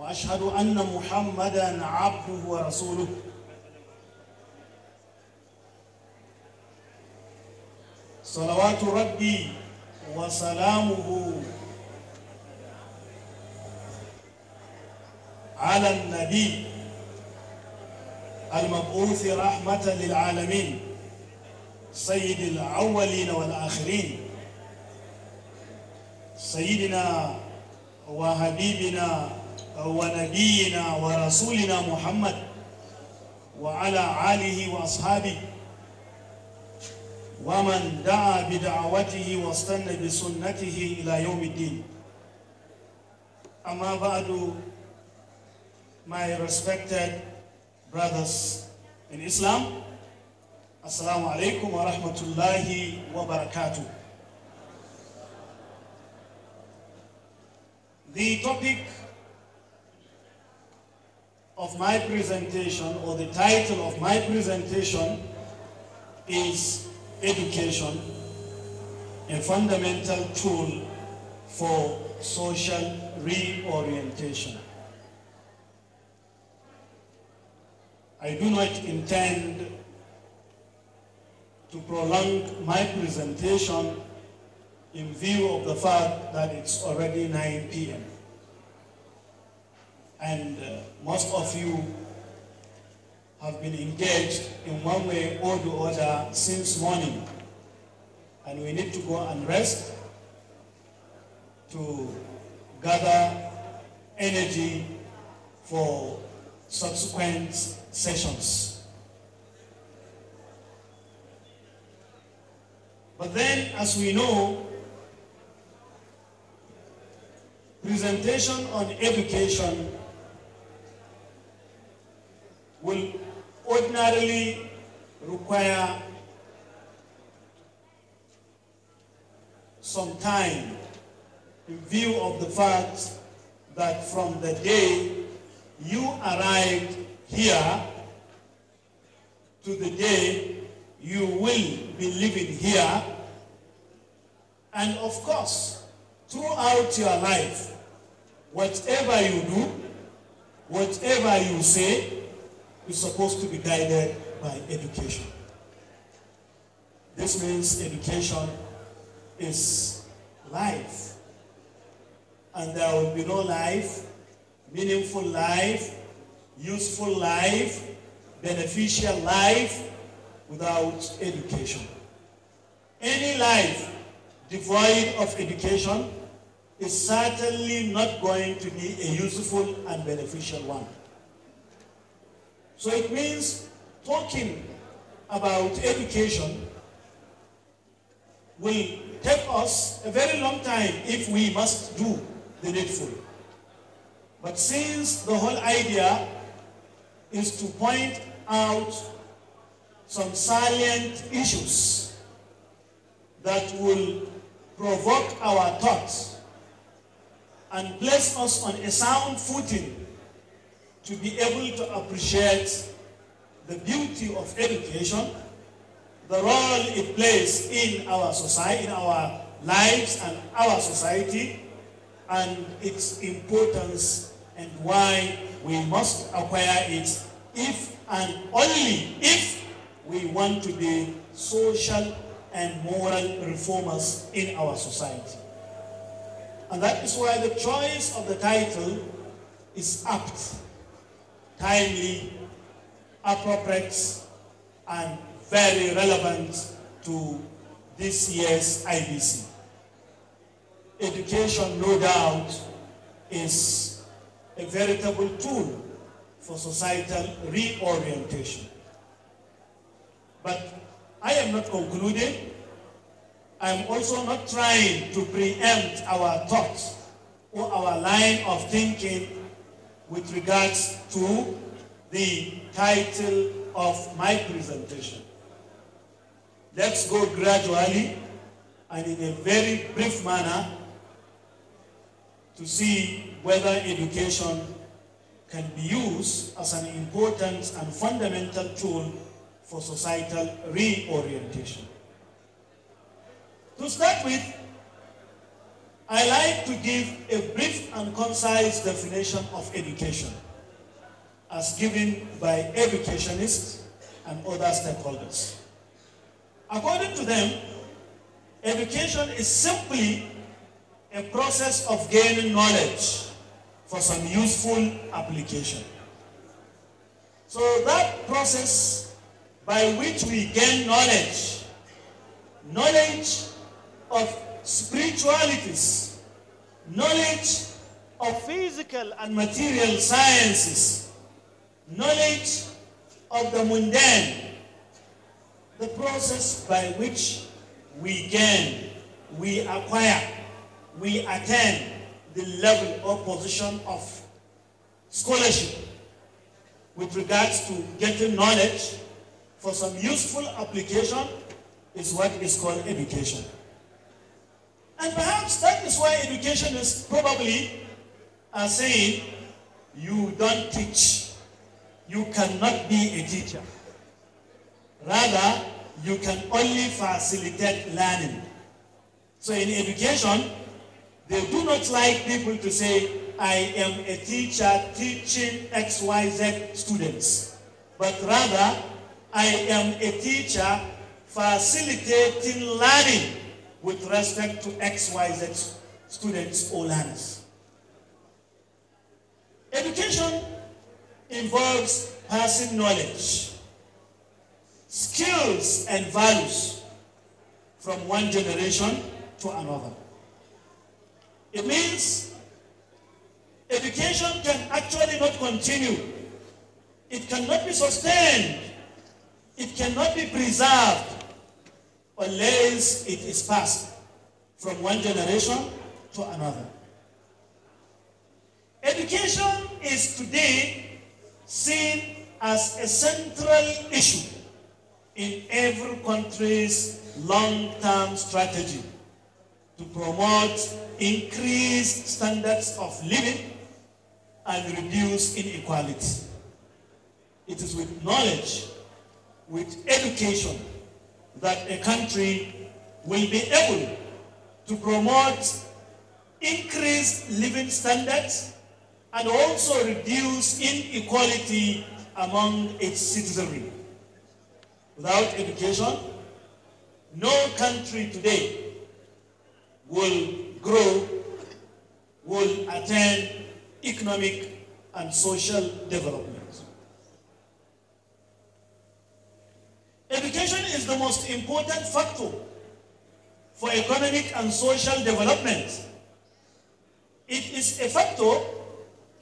واشهد ان محمدا عبده ورسوله صلوات ربي وسلامه على النبي المبعوث رحمه للعالمين سيد الاولين والاخرين سيدنا وحبيبنا ونبينا ورسولنا محمد وعلى آله وأصحابه ومن دعا بدعوته واستنى بسنته إلى يوم الدين أما بعد my respected brothers in Islam السلام عليكم ورحمة الله وبركاته The topic of my presentation or the title of my presentation is Education, a fundamental tool for social reorientation. I do not intend to prolong my presentation in view of the fact that it's already 9 p.m and uh, most of you have been engaged in one way or the other since morning. And we need to go and rest to gather energy for subsequent sessions. But then, as we know, presentation on education will ordinarily require some time in view of the fact that from the day you arrived here to the day you will be living here. And of course, throughout your life, whatever you do, whatever you say, is supposed to be guided by education. This means education is life. And there will be no life, meaningful life, useful life, beneficial life without education. Any life devoid of education is certainly not going to be a useful and beneficial one. So it means talking about education will take us a very long time if we must do the needful. But since the whole idea is to point out some salient issues that will provoke our thoughts and place us on a sound footing to be able to appreciate the beauty of education, the role it plays in our society, in our lives and our society, and its importance and why we must acquire it if and only if we want to be social and moral reformers in our society. And that is why the choice of the title is apt timely, appropriate, and very relevant to this year's IBC. Education, no doubt, is a veritable tool for societal reorientation. But I am not concluding. I am also not trying to preempt our thoughts or our line of thinking with regards to the title of my presentation. Let's go gradually and in a very brief manner to see whether education can be used as an important and fundamental tool for societal reorientation. To start with, I like to give a brief and concise definition of education as given by educationists and other stakeholders. According to them, education is simply a process of gaining knowledge for some useful application. So that process by which we gain knowledge, knowledge of spiritualities, knowledge of physical and material sciences, knowledge of the mundane, the process by which we gain, we acquire, we attain the level or position of scholarship with regards to getting knowledge for some useful application is what is called education. And perhaps that is why education is probably uh, saying you don't teach. You cannot be a teacher. Rather, you can only facilitate learning. So in education, they do not like people to say, I am a teacher teaching XYZ students, but rather, I am a teacher facilitating learning with respect to XYZ students or learners. Education involves passing knowledge, skills, and values from one generation to another. It means education can actually not continue, it cannot be sustained, it cannot be preserved unless it is passed from one generation to another. Education is today seen as a central issue in every country's long-term strategy to promote increased standards of living and reduce inequality. It is with knowledge, with education, that a country will be able to promote increased living standards and also reduce inequality among its citizenry. Without education, no country today will grow, will attain economic and social development. Education is the most important factor for economic and social development. It is a factor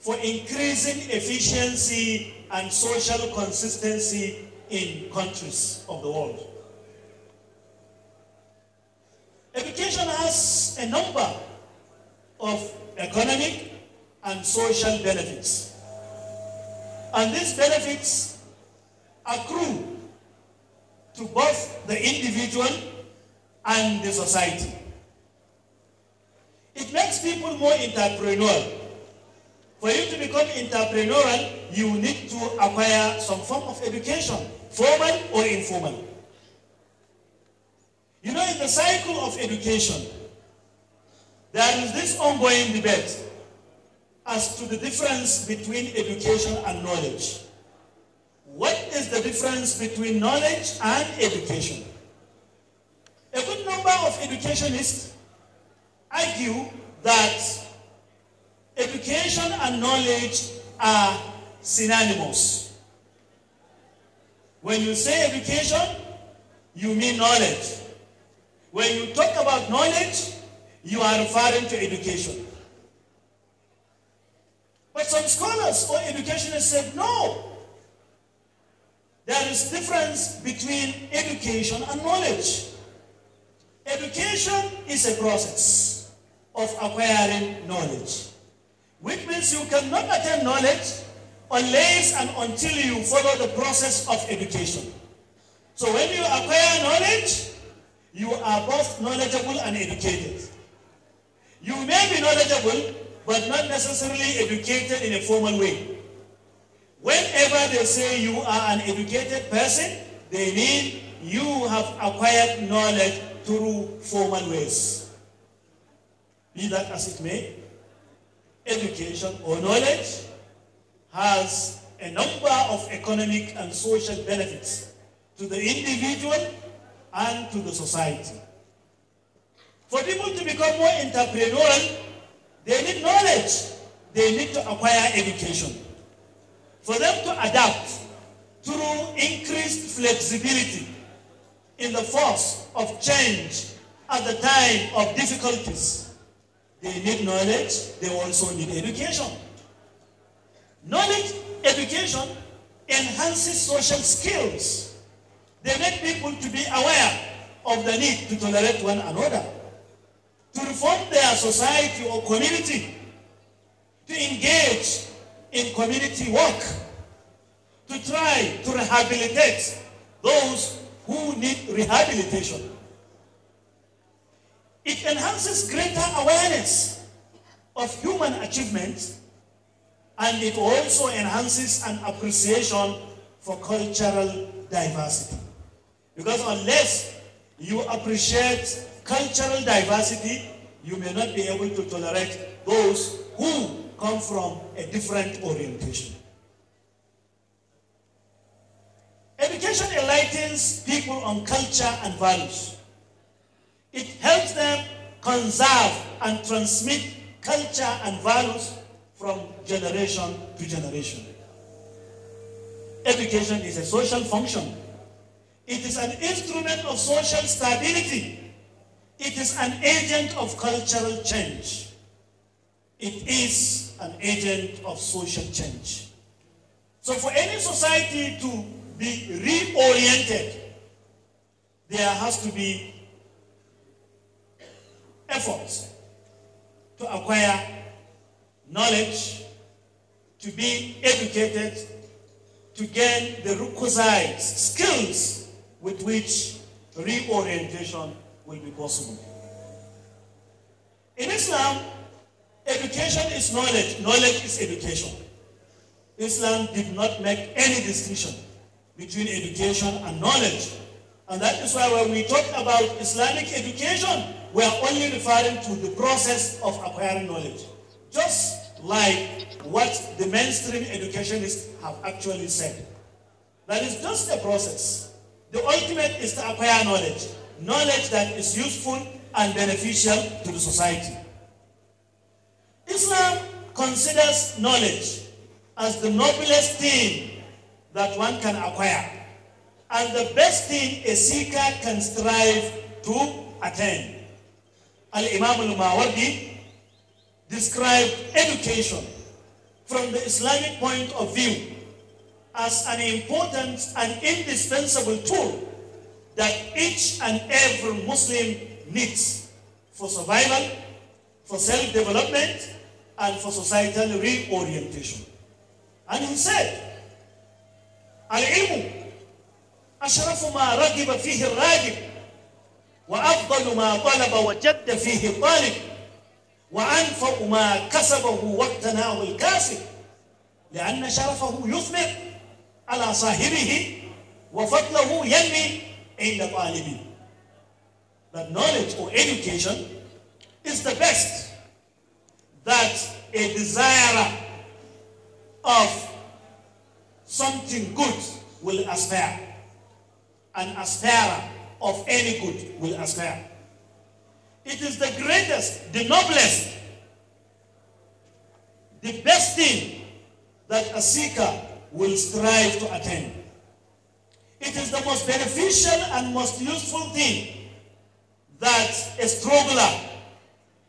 for increasing efficiency and social consistency in countries of the world. Education has a number of economic and social benefits. And these benefits accrue to both the individual and the society. It makes people more entrepreneurial. For you to become entrepreneurial, you need to acquire some form of education, formal or informal. You know, in the cycle of education, there is this ongoing debate as to the difference between education and knowledge. What is the difference between knowledge and education? A good number of educationists argue that education and knowledge are synonymous. When you say education, you mean knowledge. When you talk about knowledge, you are referring to education. But some scholars or educationists said no. There is difference between education and knowledge. Education is a process of acquiring knowledge, which means you cannot attain knowledge unless and until you follow the process of education. So when you acquire knowledge, you are both knowledgeable and educated. You may be knowledgeable, but not necessarily educated in a formal way. Whenever they say you are an educated person, they mean you have acquired knowledge through formal ways. Be that as it may, education or knowledge has a number of economic and social benefits to the individual and to the society. For people to become more entrepreneurial, they need knowledge. They need to acquire education for them to adapt through increased flexibility in the force of change at the time of difficulties. They need knowledge, they also need education. Knowledge, education enhances social skills. They make people to be aware of the need to tolerate one another, to reform their society or community, to engage in community work to try to rehabilitate those who need rehabilitation. It enhances greater awareness of human achievements and it also enhances an appreciation for cultural diversity. Because unless you appreciate cultural diversity, you may not be able to tolerate those who come from a different orientation. Education enlightens people on culture and values. It helps them conserve and transmit culture and values from generation to generation. Education is a social function. It is an instrument of social stability. It is an agent of cultural change. It is an agent of social change. So, for any society to be reoriented, there has to be efforts to acquire knowledge, to be educated, to gain the requisite skills with which reorientation will be possible. In Islam, Education is knowledge, knowledge is education. Islam did not make any distinction between education and knowledge. And that is why when we talk about Islamic education, we are only referring to the process of acquiring knowledge. Just like what the mainstream educationists have actually said. That is just a process. The ultimate is to acquire knowledge. Knowledge that is useful and beneficial to the society. Islam considers knowledge as the noblest thing that one can acquire and the best thing a seeker can strive to attain. Al Imam al Mawardi described education from the Islamic point of view as an important and indispensable tool that each and every Muslim needs for survival, for self development, and for societal reorientation. And he said, العلم أشرف ما رغب فيه الراغب وأفضل ما طلب وجد فيه الطالب وأنفع ما كسبه واقتناه الكاسب لأن شرفه يثمر على صاحبه وفضله ينمي عند طالبه. But knowledge or education is the best that a desire of something good will aspire. An aspire of any good will aspire. It is the greatest, the noblest, the best thing that a seeker will strive to attain. It is the most beneficial and most useful thing that a struggler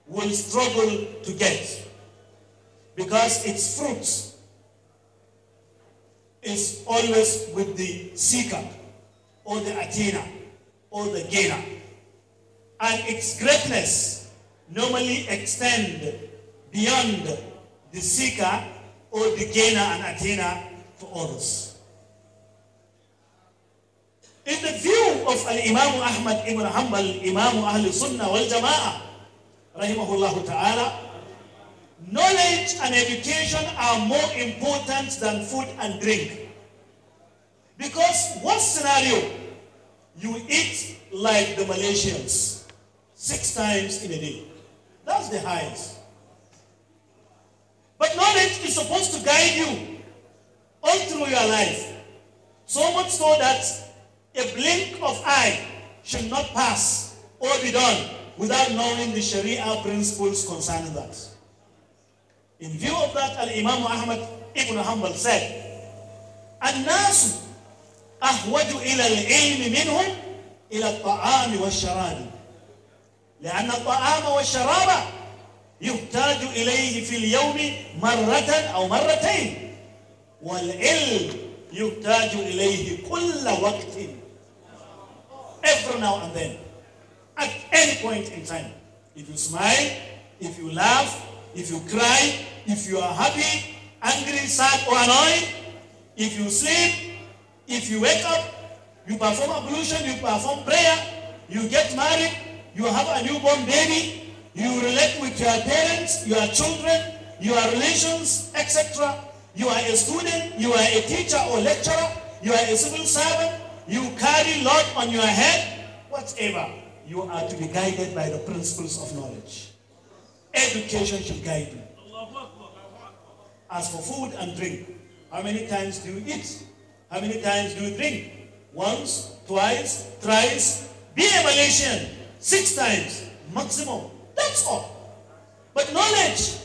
will struggle to get because its fruit is always with the seeker or the attainer or the gainer. And its greatness normally extend beyond the seeker or the gainer and attainer to others. In the view of Al-Imam Ahmad ibn Hanbal, Imam Ahl Sunnah wal Jama'ah, rahimahullah ta'ala, knowledge and education are more important than food and drink. Because what scenario? You eat like the Malaysians six times in a day. That's the highest. But knowledge is supposed to guide you all through your life. So much so that a blink of eye should not pass or be done without knowing the Sharia principles concerning that. In view of that, Al Imam Ahmad ibn Hanbal said, الناس أهوج إلى العلم منهم إلى الطعام والشراب لأن الطعام والشراب يحتاج إليه في اليوم مرة أو مرتين والعلم يحتاج إليه كل وقت every now and then at any point in time. If you smile, if you laugh, if you cry, if you are happy, angry, sad, or annoyed, if you sleep, if you wake up, you perform ablution, you perform prayer, you get married, you have a newborn baby, you relate with your parents, your children, your relations, etc. You are a student, you are a teacher or lecturer, you are a civil servant, you carry load on your head, whatever you are to be guided by the principles of knowledge. Education should guide you. As for food and drink, how many times do you eat? How many times do you drink? Once, twice, thrice. Be a Malaysian. Six times maximum. That's all. But knowledge,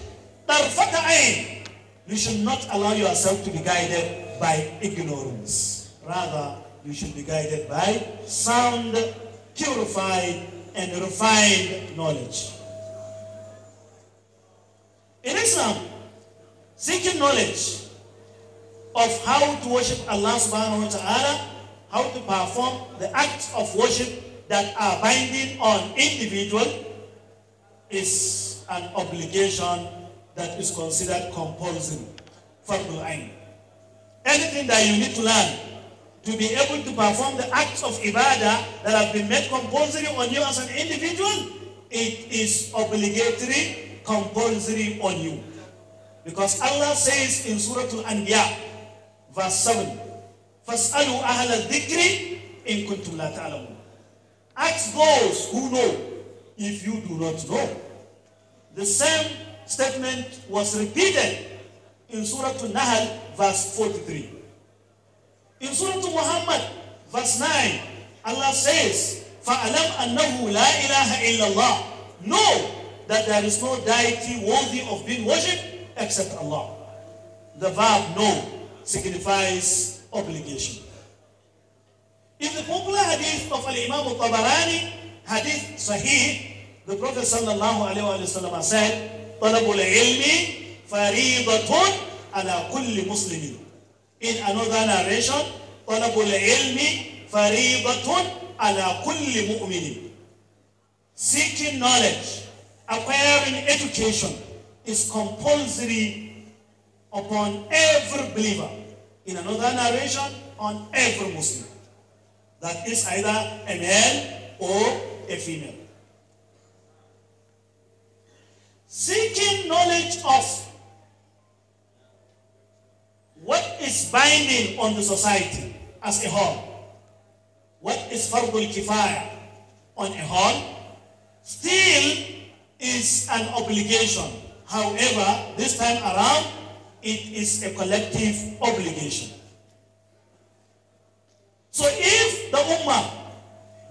tarfata ain. You should not allow yourself to be guided by ignorance. Rather, you should be guided by sound purified, and refined knowledge. In Islam, um, seeking knowledge of how to worship Allah subhanahu wa ta'ala, how to perform the acts of worship that are binding on individual is an obligation that is considered compulsory. the Ain. Anything that you need to learn to be able to perform the acts of ibadah that have been made compulsory on you as an individual, it is obligatory, compulsory on you. Because Allah says in Surah Al-Anbiya, verse 7, فَاسْأَلُوا أَهْلَ الذِّكْرِ إِن كُنْتُمْ لَا تَعْلَمُونَ Ask those who know if you do not know. The same statement was repeated in Surah Al-Nahl, verse 43. In Surah Muhammad, verse 9, Allah says, فَأَلَمْ أَنَّهُ لَا إِلَهَ إِلَّا اللَّهِ Know that there is no deity worthy of being worshipped except Allah. The verb know signifies obligation. In the popular hadith of Al-Imam al-Tabarani, hadith Sahih, the Prophet sallallahu alaihi wa sallam said, طلب العلم فريضة على كل مسلم in another narration, طلب العلم فريضة على كل مؤمن. Seeking knowledge, acquiring education is compulsory upon every believer. In another narration, on every Muslim. That is either a male or a female. Seeking knowledge of what is binding on the society as a whole? What is fardul kifaya on a whole? Still is an obligation. However, this time around, it is a collective obligation. So if the Ummah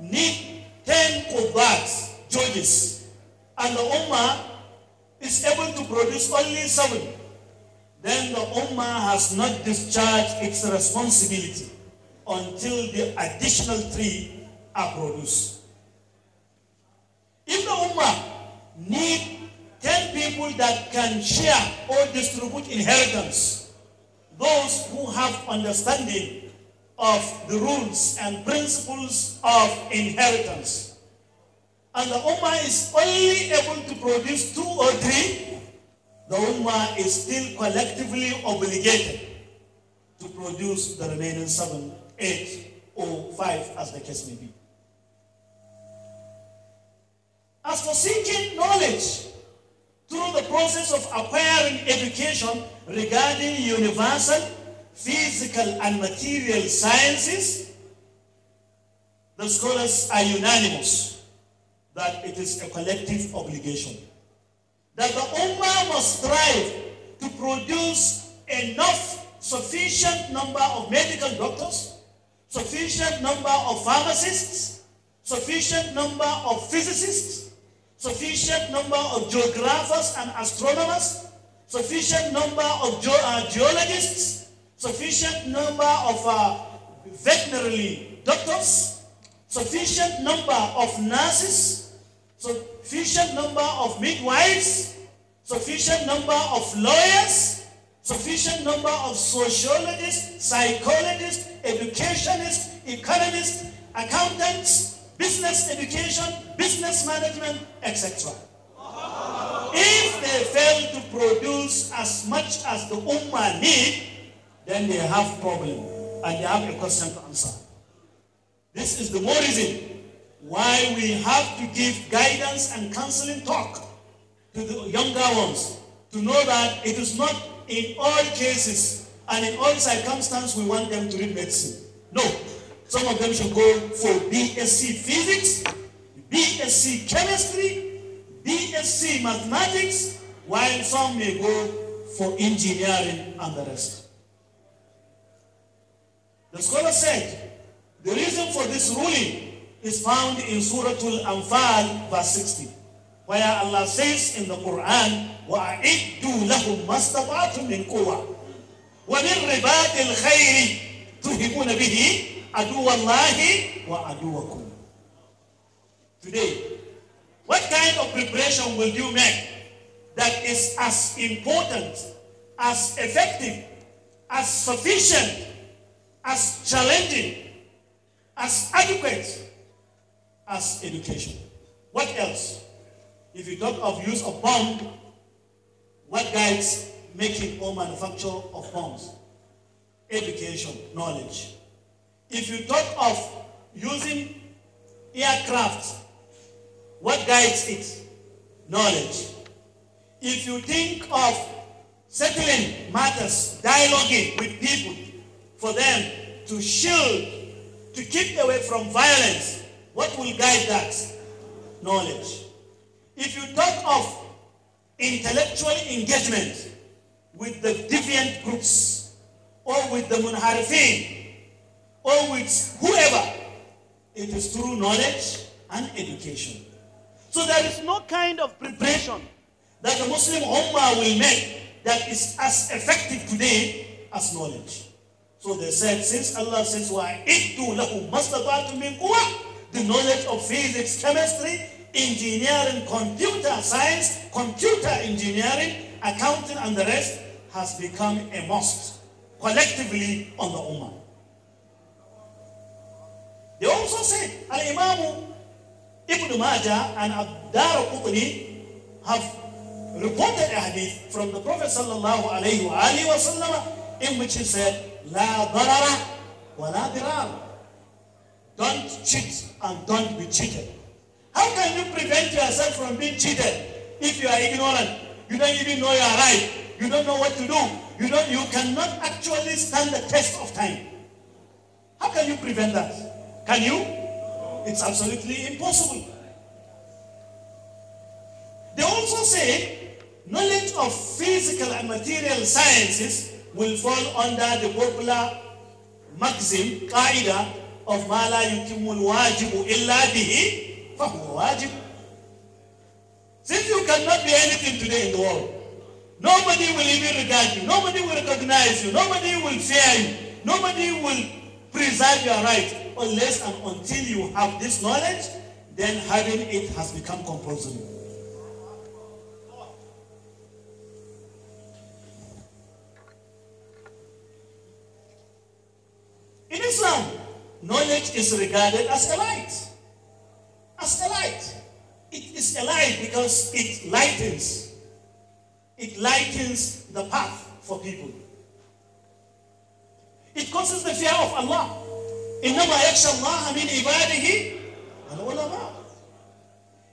need 10 Qubats, judges, and the Ummah is able to produce only 7, then the Ummah has not discharged its responsibility until the additional three are produced. If the Ummah need 10 people that can share or distribute inheritance, those who have understanding of the rules and principles of inheritance. And the Ummah is only able to produce two or three the Ummah is still collectively obligated to produce the remaining seven, eight, or oh, five, as the case may be. As for seeking knowledge through the process of acquiring education regarding universal, physical, and material sciences, the scholars are unanimous that it is a collective obligation that the Ummah must strive to produce enough, sufficient number of medical doctors, sufficient number of pharmacists, sufficient number of physicists, sufficient number of geographers and astronomers, sufficient number of ge- uh, geologists, sufficient number of uh, veterinary doctors, sufficient number of nurses, so sufficient number of midwives, sufficient number of lawyers, sufficient number of sociologists, psychologists, educationists, economists, accountants, business education, business management, etc. If they fail to produce as much as the Ummah need, then they have problem and they have a question to answer. This is the more reason why we have to give guidance and counseling talk to the younger ones to know that it is not in all cases and in all circumstances we want them to read medicine. No. Some of them should go for BSc physics, BSc chemistry, BSc mathematics, while some may go for engineering and the rest. The scholar said the reason for this ruling is found in Surah Al-Anfal verse 60 where Allah says in the Quran وَأَعِدُّوا لَهُمْ مَا اسْتَطَعْتُمْ مِنْ قُوَّةٍ وَمِنْ رِبَاطِ الْخَيْرِ aduwa بِهِ عَدُوَّ اللَّهِ وَعَدُوَّكُمْ Today, what kind of preparation will you make that is as important, as effective, as sufficient, as challenging, as adequate as education. What else? If you talk of use of bomb, what guides making or manufacture of bombs? Education, knowledge. If you talk of using aircraft, what guides it? Knowledge. If you think of settling matters, dialoguing with people for them to shield, to keep away from violence, what will guide that? Knowledge. If you talk of intellectual engagement with the deviant groups or with the munharifin or with whoever, it is through knowledge and education. So there is no kind of preparation that the Muslim Ummah will make that is as effective today as knowledge. So they said, since Allah says, "Why the knowledge of physics, chemistry, engineering, computer science, computer engineering, accounting, and the rest has become a must collectively on the Ummah. They also said Al Imam Ibn Majah and Abdar Qutni have reported a hadith from the Prophet sallallahu alayhi wa sallam in which he said, La darara wa la dirara. Don't cheat and don't be cheated. How can you prevent yourself from being cheated if you are ignorant? You don't even know you are right. You don't know what to do. You don't you cannot actually stand the test of time. How can you prevent that? Can you? It's absolutely impossible. They also say knowledge of physical and material sciences will fall under the popular maxim, qaida, of ma la yutimul wajibu illa bihi fahuwa wajib. Since you cannot be anything today in the world, nobody will even regard you, nobody will recognize you, nobody will fear you, nobody will preserve your rights unless and until you have this knowledge, then having it has become compulsory. In Islam, knowledge is regarded as a light. As a light. It is a light because it lightens. It lightens the path for people. It causes the fear of Allah. إنما يخشى الله من عباده العلماء.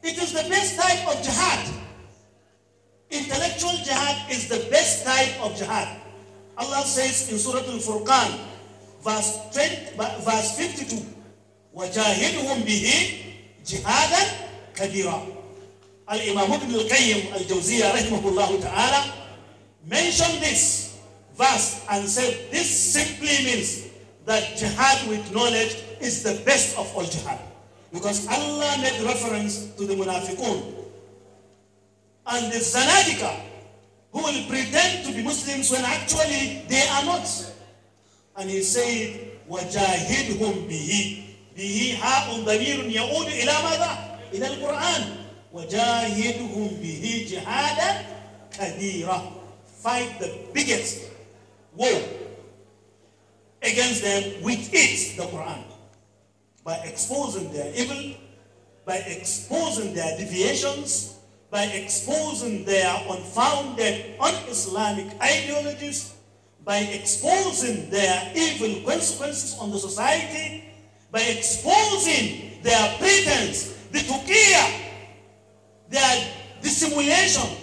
It is the best type of jihad. Intellectual jihad is the best type of jihad. Allah says in Surah Al-Furqan, verse, 20, verse 52 وجاهدهم به جهادا كبيرا الإمام ابن القيم الجوزية رحمه الله تعالى mentioned this verse and said this simply means that jihad with knowledge is the best of all jihad because Allah made reference to the munafiqun and the zanadika who will pretend to be Muslims when actually they are not and he said, وجاهدهم به به حَاءٌ ضمير يعود إلى ماذا؟ إلى القرآن وجاهدهم به جهادا كبيرا fight the biggest war against them with it the Quran by exposing their evil by exposing their deviations by exposing their unfounded un-Islamic ideologies by exposing their evil consequences on the society, by exposing their pretense, the tukia, their dissimulation,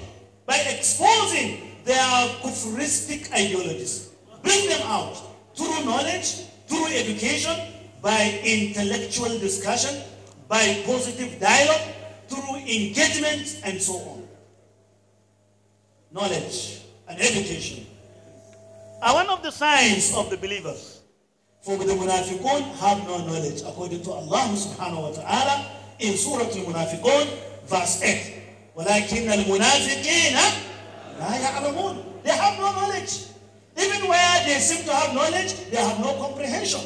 by exposing their kufristic ideologies. Bring them out through knowledge, through education, by intellectual discussion, by positive dialogue, through engagement, and so on. Knowledge and education are one of the signs of the believers. For the munafiqun have no knowledge, according to Allah subhanahu wa ta'ala in Surah Al-Munafiqun, verse 8. وَلَكِنَّ الْمُنَافِقِينَ لَا يَعْلَمُونَ They have no knowledge. Even where they seem to have knowledge, they have no comprehension.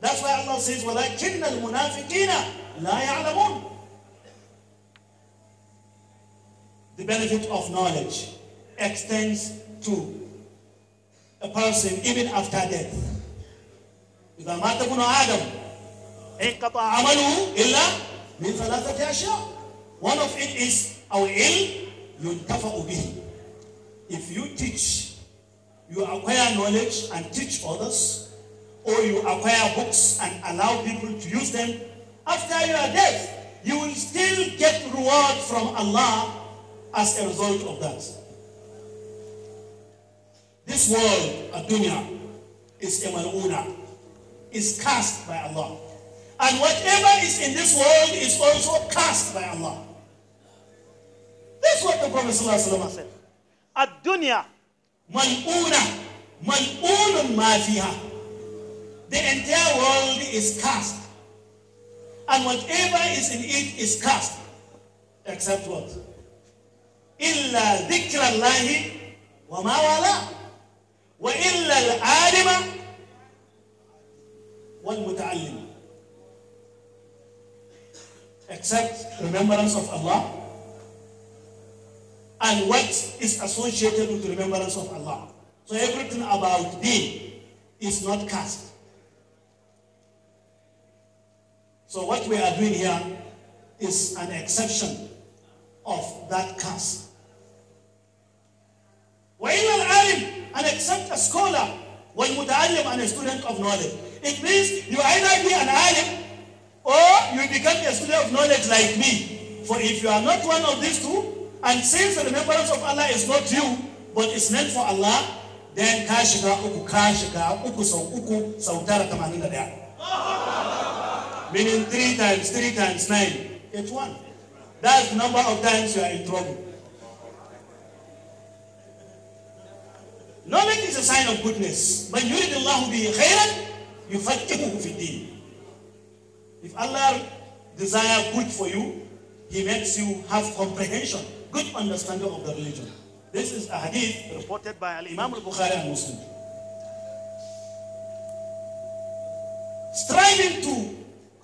That's why Allah says, وَلَكِنَّ الْمُنَافِقِينَ لَا يَعْلَمُونَ The benefit of knowledge extends to a person even after death. إذا مات ابن آدم انقطع عمله إلا من ثلاثة أشياء. One of it is أو علم ينتفع به. If you teach, you acquire knowledge and teach others, or you acquire books and allow people to use them, after your death, you will still get reward from Allah as a result of that. This world, a dunya, is emanuna, is cast by Allah. And whatever is in this world is also cast by Allah. That's what the Prophet ﷺ said. Adunya. maluna, maluna Man'unun The entire world is cast. And whatever is in it is cast. Except what? Illa dhikrallahi wa ma wala. وإلا العالم والمتعلم except remembrance of Allah and what is associated with remembrance of Allah. So everything about them is not cast. So what we are doing here is an exception of that cast. وَإِلَّا العالم and accept a scholar والمتعلم and a student of knowledge. It means you either be an alim or you become a student of knowledge like me. For if you are not one of these two, and since the remembrance of Allah is not you, but it's meant for Allah, then ka uku ka uku sa uku sau tara tamanin da Meaning three times three times nine, it's one. That's the number of times you are in trouble. Knowledge is a sign of goodness. you read Allah be khayran, yufaqihuhu fi din. If Allah desire good for you, He makes you have comprehension, good understanding of the religion. This is a hadith reported by Al Imam Al Bukhari and Muslim. Striving to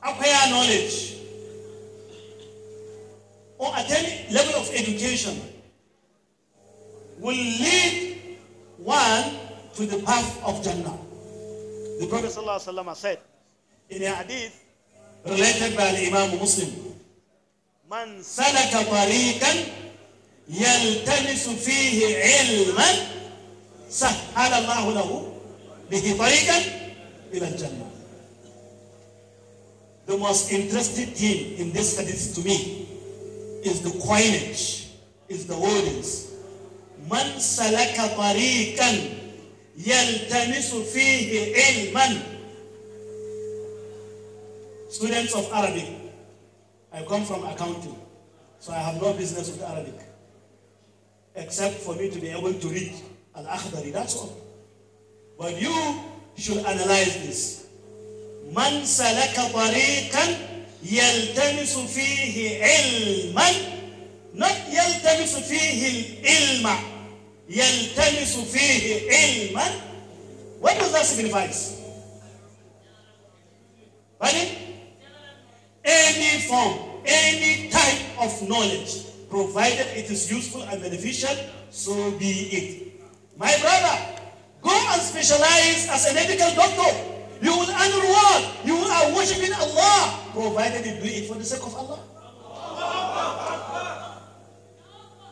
acquire knowledge or attain level of education will lead one to the path of Jannah. The Prophet ﷺ said in a hadith related by the Imam Muslim, Man salaka tariqan yaltamisu fihi ilman sahhala Allahu lahu bihi tariqan ila Jannah. The most interesting thing in this hadith to me is the coinage, is the wordings, من سلك طريقا يلتمس فيه علما students of Arabic I come from accounting so I have no business with Arabic except for me to be able to read Al-Akhdari that's all but you should analyze this من سلك طريقا يلتمس فيه علما not يلتمس فيه العلم yaltamisu fihi ilman. What does that signify? Pardon? Any form, any type of knowledge, provided it is useful and beneficial, so be it. My brother, go and specialize as a medical doctor. You will earn reward. You are worshiping Allah, provided you do it for the sake of Allah.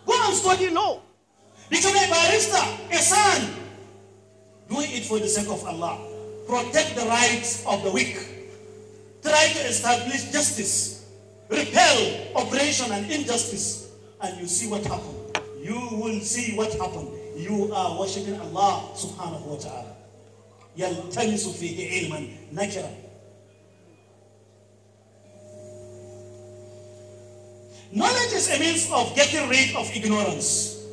Go and study law. It a barrister, a son. Doing it for the sake of Allah. Protect the rights of the weak. Try to establish justice. Repel oppression and injustice. And you see what happened. You will see what happened. You are worshipping Allah subhanahu wa ta'ala. يلتمس فيه علما نكرا Knowledge is a means of getting rid of ignorance.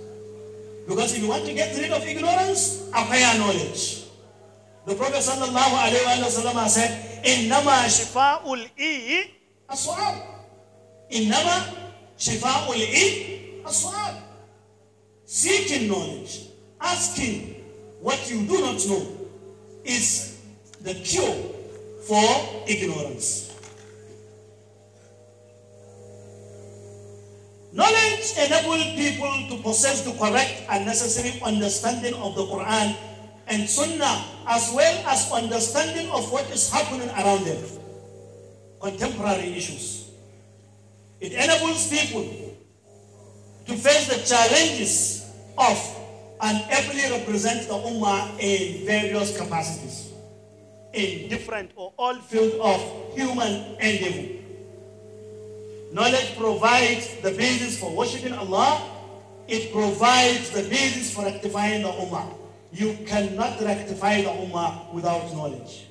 Because if you want to get rid of ignorance, acquire knowledge. The Prophet sallallahu alayhi wa sallam said, إِنَّمَا شِفَاءُ الْإِي السؤال إنما شفاء الإي السؤال Seeking knowledge, asking what you do not know is the cure for ignorance. Knowledge enables people to possess the correct and necessary understanding of the Quran and Sunnah, as well as understanding of what is happening around them. Contemporary issues. It enables people to face the challenges of and ably represent the Ummah in various capacities, in different or all fields of human endeavor. Knowledge provides the basis for worshipping Allah. It provides the basis for rectifying the Ummah. You cannot rectify the Ummah without knowledge.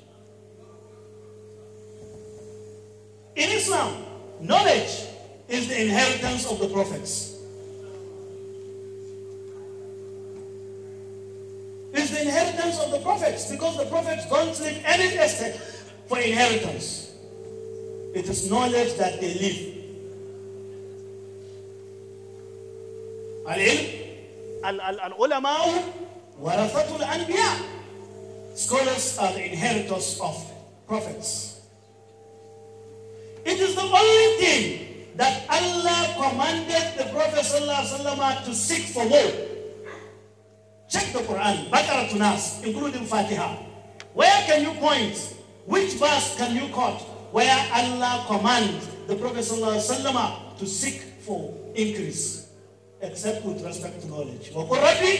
In Islam, knowledge is the inheritance of the prophets. It's the inheritance of the prophets because the prophets don't leave any estate for inheritance. It is knowledge that they leave. العلم العلماء ورثة الأنبياء Scholars are the inheritors of prophets. It is the only thing that Allah commanded the Prophet ﷺ to seek for more. Check the Quran, Baqarah to Nas, including Fatiha. Where can you point? Which verse can you quote where Allah commands the Prophet ﷺ to seek for increase? except with respect to knowledge. وقل ربي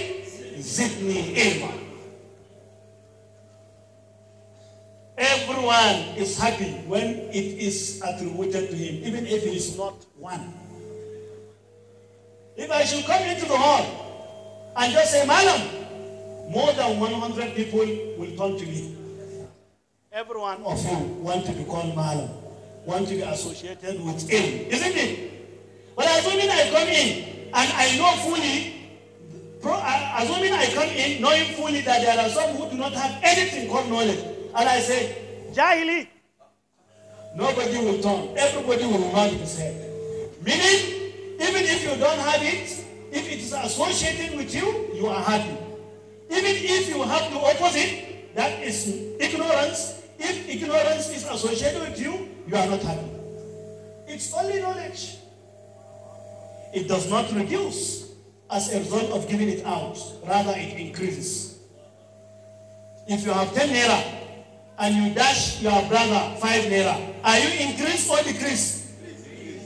زدني علما. Everyone is happy when it is attributed to him, even if it is not one. If I should come into the hall and just say, Madam, more than 100 people will come to me. Everyone of you want to be called Madam, want to be associated with him, isn't it? But as soon as I come in, And I know fully, assuming I come in knowing fully that there are some who do not have anything called knowledge. And I say, Jahili. Nobody will turn. Everybody will remain the same. Meaning, even if you don't have it, if it is associated with you, you are happy. Even if you have the opposite, that is ignorance. If ignorance is associated with you, you are not happy. It's only knowledge. It does not reduce as a result of giving it out. Rather, it increases. If you have 10 naira and you dash your brother 5 naira, are you increase or decrease?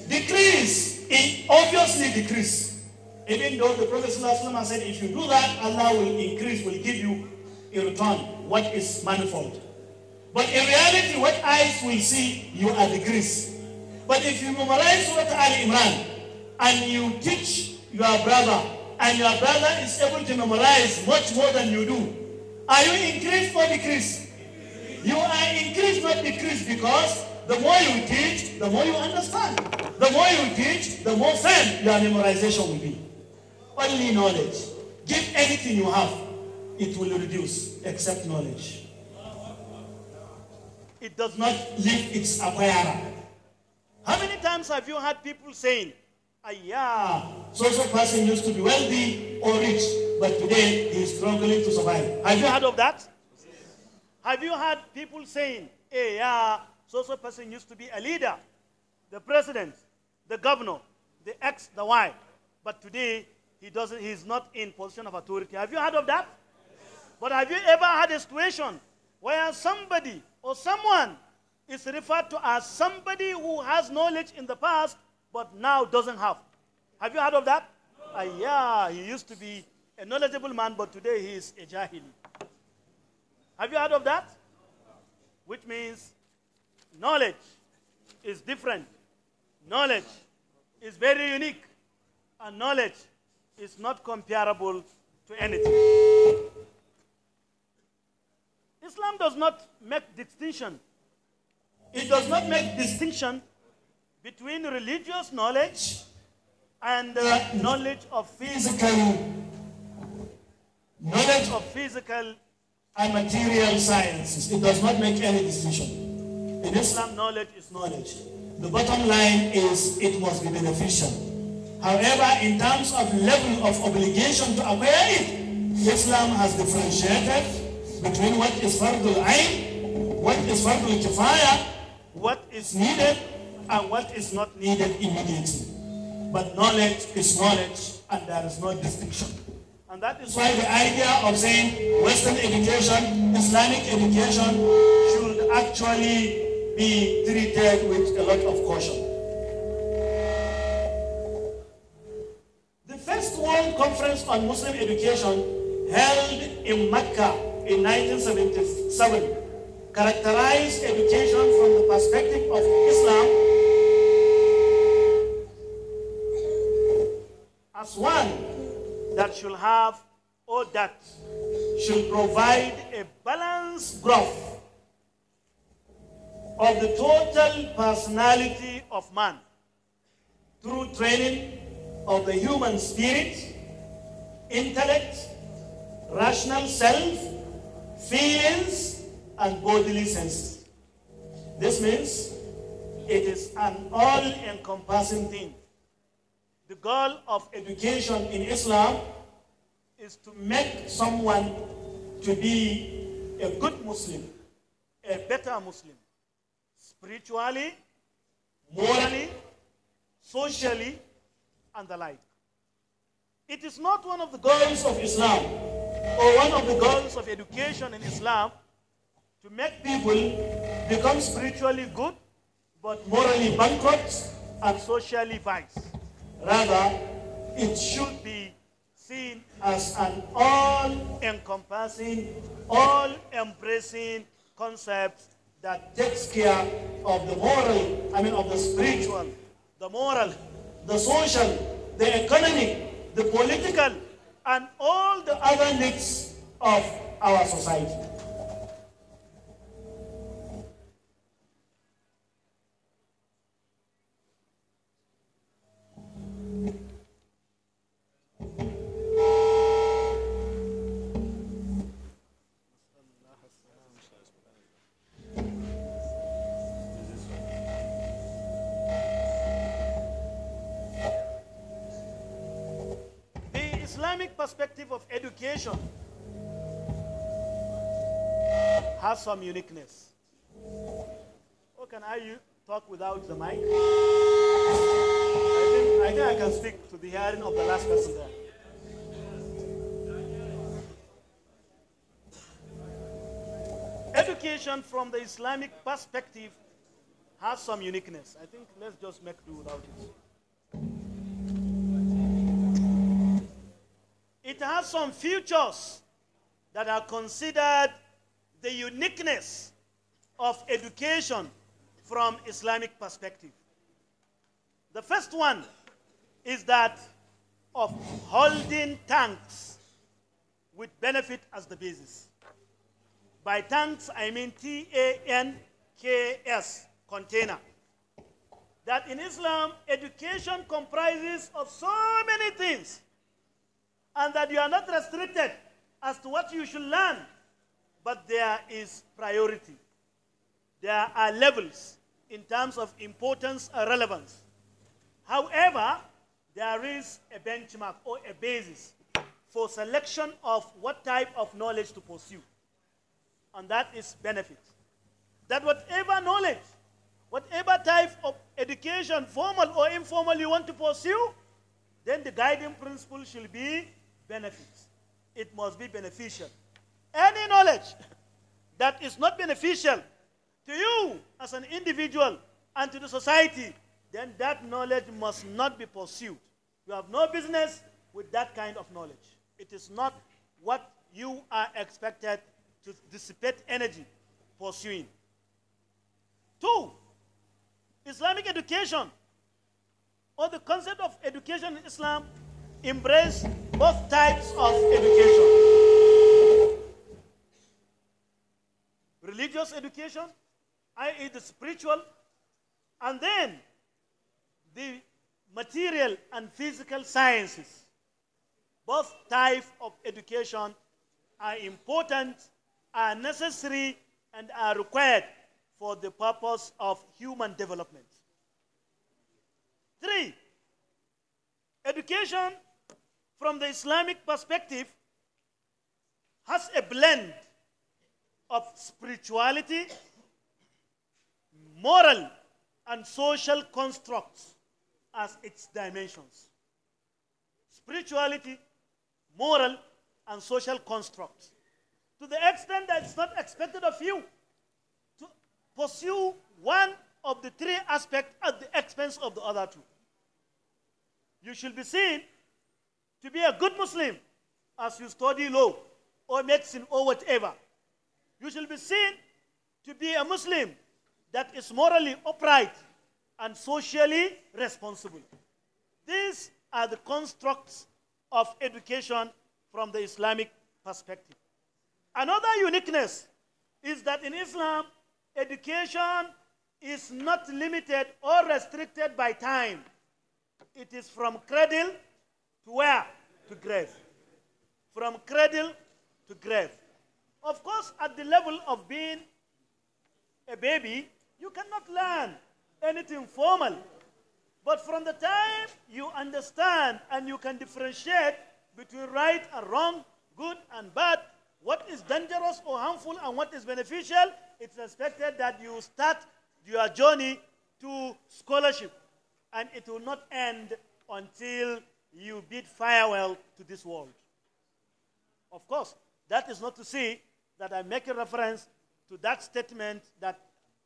Decrease. It obviously decrease. Even though the Prophet ﷺ said, if you do that, Allah will increase, will give you in return what is manifold. But in reality, what eyes will see, you are decreased. But if you memorize Surah Al Imran, and you teach your brother, and your brother is able to memorize much more than you do, are you increased or decreased? You are increased, not decreased, because the more you teach, the more you understand. The more you teach, the more firm your memorization will be. Only knowledge. Give anything you have, it will reduce, except knowledge. It does not leave its acquirer. How many times have you heard people saying, yeah, social person used to be wealthy or rich, but today he is struggling to survive. Have you heard of that? Have you heard people saying, hey, eh, yeah, social person used to be a leader, the president, the governor, the X, the Y, but today he doesn't, he's not in position of authority. Have you heard of that? But have you ever had a situation where somebody or someone is referred to as somebody who has knowledge in the past but now doesn't have. Have you heard of that? No. Uh, ah, yeah, he used to be a knowledgeable man, but today he is a jahili. Have you heard of that? Which means knowledge is different. Knowledge is very unique. And knowledge is not comparable to anything. Islam does not make distinction. It does not make distinction between religious knowledge and uh, knowledge of physical knowledge of physical and material sciences. It does not make any distinction. In Islam, knowledge is knowledge. The bottom line is it must be beneficial. However, in terms of level of obligation to obey, it, Islam has differentiated between what is fardul ayn, what is fardul kifaya, what is needed, and what is not needed immediately. But knowledge is knowledge, and there is no distinction. And that is why the idea of saying Western education, Islamic education, should actually be treated with a lot of caution. The first World Conference on Muslim Education, held in Mecca in 1977, characterized education from the perspective of Islam that should have or that should provide a balanced growth of the total personality of man through training of the human spirit, intellect, rational self, feelings, and bodily senses. This means it is an all encompassing thing. The goal of education in Islam is to make someone to be a good Muslim, a better Muslim, spiritually, morally, socially, and the like. It is not one of the goals of Islam or one of the goals of education in Islam to make people become spiritually good but morally bankrupt and socially vice. Rather, it should be seen as an all encompassing, all embracing concept that takes care of the moral, I mean, of the spiritual, the moral, the social, the economic, the political, and all the other needs of our society. Islamic perspective of education has some uniqueness. Or oh, can I talk without the mic? I think, I think I can speak to the hearing of the last person there. Education from the Islamic perspective has some uniqueness. I think let's just make do without it. It has some features that are considered the uniqueness of education from Islamic perspective. The first one is that of holding tanks with benefit as the basis. By tanks, I mean T A N K S, container. That in Islam, education comprises of so many things and that you are not restricted as to what you should learn, but there is priority. There are levels in terms of importance and relevance. However, there is a benchmark or a basis for selection of what type of knowledge to pursue, and that is benefit. That whatever knowledge, whatever type of education, formal or informal, you want to pursue, then the guiding principle should be benefits. It must be beneficial. Any knowledge that is not beneficial to you as an individual and to the society, then that knowledge must not be pursued. You have no business with that kind of knowledge. It is not what you are expected to dissipate energy pursuing. Two, Islamic education or the concept of education in Islam embraced both types of education religious education, i.e., the spiritual, and then the material and physical sciences. Both types of education are important, are necessary, and are required for the purpose of human development. Three, education from the Islamic perspective, has a blend of spirituality, moral, and social constructs as its dimensions. Spirituality, moral, and social constructs. To the extent that it's not expected of you to pursue one of the three aspects at the expense of the other two. You should be seen to be a good Muslim as you study law or medicine or whatever. You shall be seen to be a Muslim that is morally upright and socially responsible. These are the constructs of education from the Islamic perspective. Another uniqueness is that in Islam, education is not limited or restricted by time. It is from cradle to where? to grave. From cradle to grave. Of course, at the level of being a baby, you cannot learn anything formal. But from the time you understand and you can differentiate between right and wrong, good and bad, what is dangerous or harmful and what is beneficial, it's expected that you start your journey to scholarship and it will not end until you bid farewell to this world. Of course, that is not to say that I make a reference to that statement that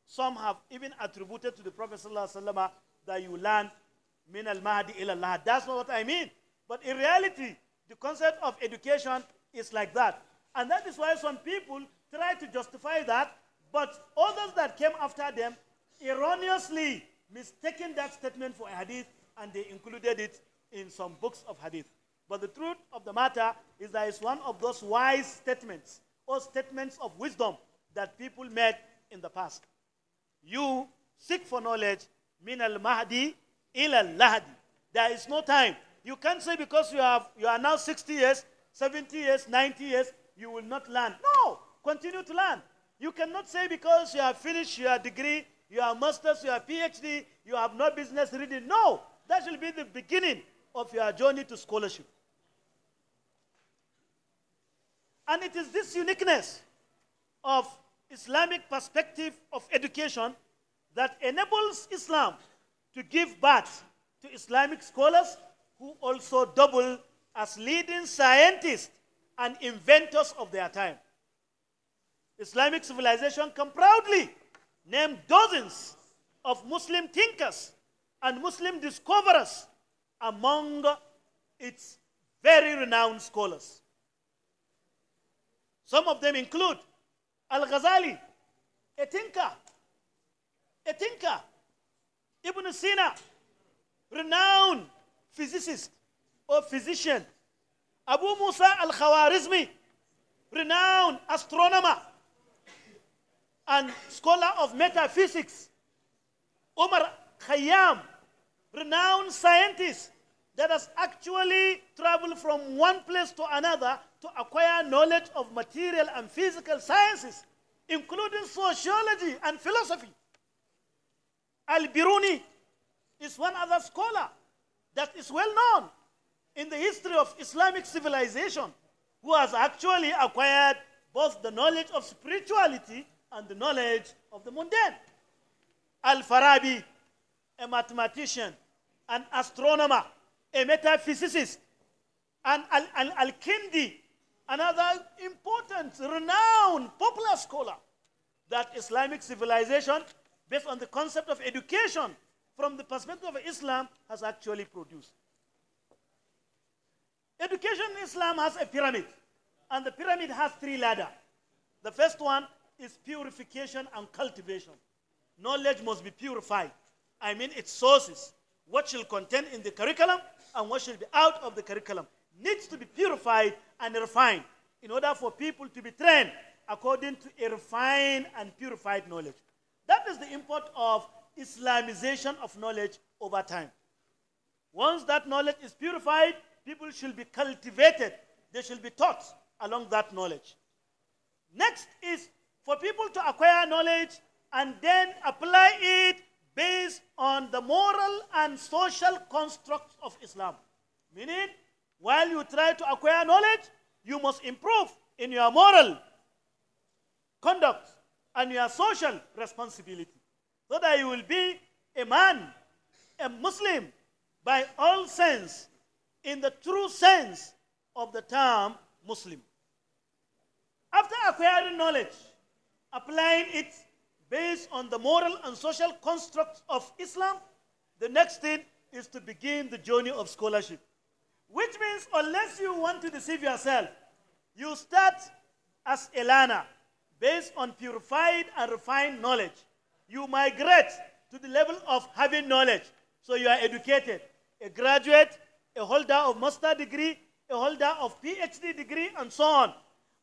some have even attributed to the Prophet ﷺ that you learn min al mahdi ila Allah. That's not what I mean. But in reality, the concept of education is like that. And that is why some people try to justify that, but others that came after them erroneously mistaken that statement for a hadith and they included it in some books of hadith. But the truth of the matter is that it's one of those wise statements or statements of wisdom that people made in the past. You seek for knowledge, min al Mahdi il al Lahdi. There is no time. You can't say because you, have, you are now 60 years, 70 years, 90 years, you will not learn. No, continue to learn. You cannot say because you have finished your degree, you have master's, you have PhD, you have no business reading. No, that should be the beginning of your journey to scholarship. And it is this uniqueness of Islamic perspective of education that enables Islam to give birth to Islamic scholars who also double as leading scientists and inventors of their time. Islamic civilization can proudly name dozens of Muslim thinkers and Muslim discoverers among its very renowned scholars. Some of them include Al Ghazali, a thinker, a thinker, Ibn Sina, renowned physicist or physician, Abu Musa al Khawarizmi, renowned astronomer and scholar of metaphysics, Umar Khayyam, renowned scientists that has actually traveled from one place to another to acquire knowledge of material and physical sciences, including sociology and philosophy. Al Biruni is one other scholar that is well known in the history of Islamic civilization who has actually acquired both the knowledge of spirituality and the knowledge of the mundane. Al Farabi a mathematician, an astronomer, a metaphysicist, an Al, Al-, another important, renowned, popular scholar, that Islamic civilization, based on the concept of education from the perspective of Islam, has actually produced. Education in Islam has a pyramid, and the pyramid has three ladders. The first one is purification and cultivation. Knowledge must be purified. I mean its sources, what shall contain in the curriculum and what shall be out of the curriculum, needs to be purified and refined in order for people to be trained according to a refined and purified knowledge. That is the import of Islamization of knowledge over time. Once that knowledge is purified, people should be cultivated, they should be taught along that knowledge. Next is for people to acquire knowledge and then apply it based on the moral and social constructs of Islam. Meaning, while you try to acquire knowledge, you must improve in your moral conduct and your social responsibility so that you will be a man, a Muslim, by all sense, in the true sense of the term Muslim. After acquiring knowledge, applying it based on the moral and social constructs of Islam, the next thing is to begin the journey of scholarship. Which means, unless you want to deceive yourself, you start as a learner based on purified and refined knowledge. You migrate to the level of having knowledge. So you are educated, a graduate, a holder of master degree, a holder of PhD degree, and so on.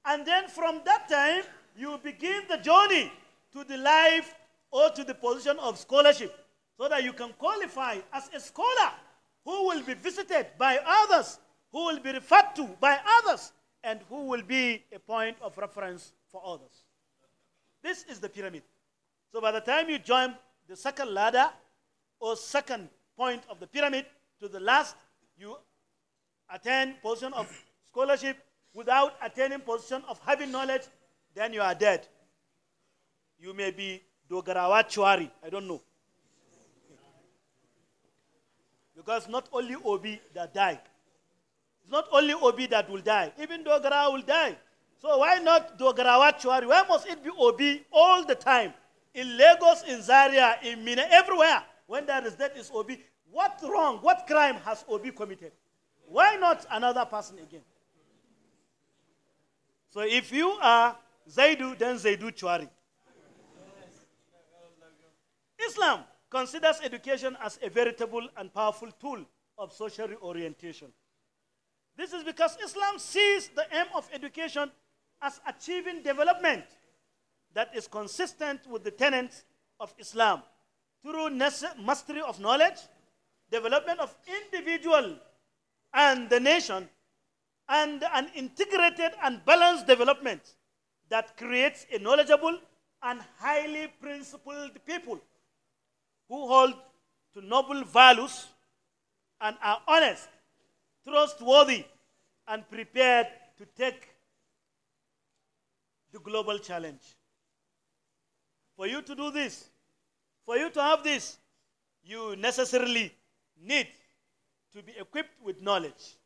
And then from that time, you begin the journey to the life or to the position of scholarship so that you can qualify as a scholar who will be visited by others, who will be referred to by others, and who will be a point of reference for others. This is the pyramid. So by the time you join the second ladder or second point of the pyramid to the last, you attain position of scholarship without attaining position of having knowledge, then you are dead. You may be Dogarawa I don't know. Because not only Obi that died. It's not only Obi that will die. Even Dogarawa will die. So why not Dogarawa Why must it be Obi all the time? In Lagos, in Zaria, in Mina, everywhere. When there is death, is Obi. What wrong, what crime has Obi committed? Why not another person again? So if you are Zaidu, then Zaidu Chwari. Islam considers education as a veritable and powerful tool of social reorientation. This is because Islam sees the aim of education as achieving development that is consistent with the tenets of Islam through mastery of knowledge, development of individual and the nation, and an integrated and balanced development that creates a knowledgeable and highly principled people who hold to noble values and are honest, trustworthy, and prepared to take the global challenge. For you to do this, for you to have this, you necessarily need to be equipped with knowledge,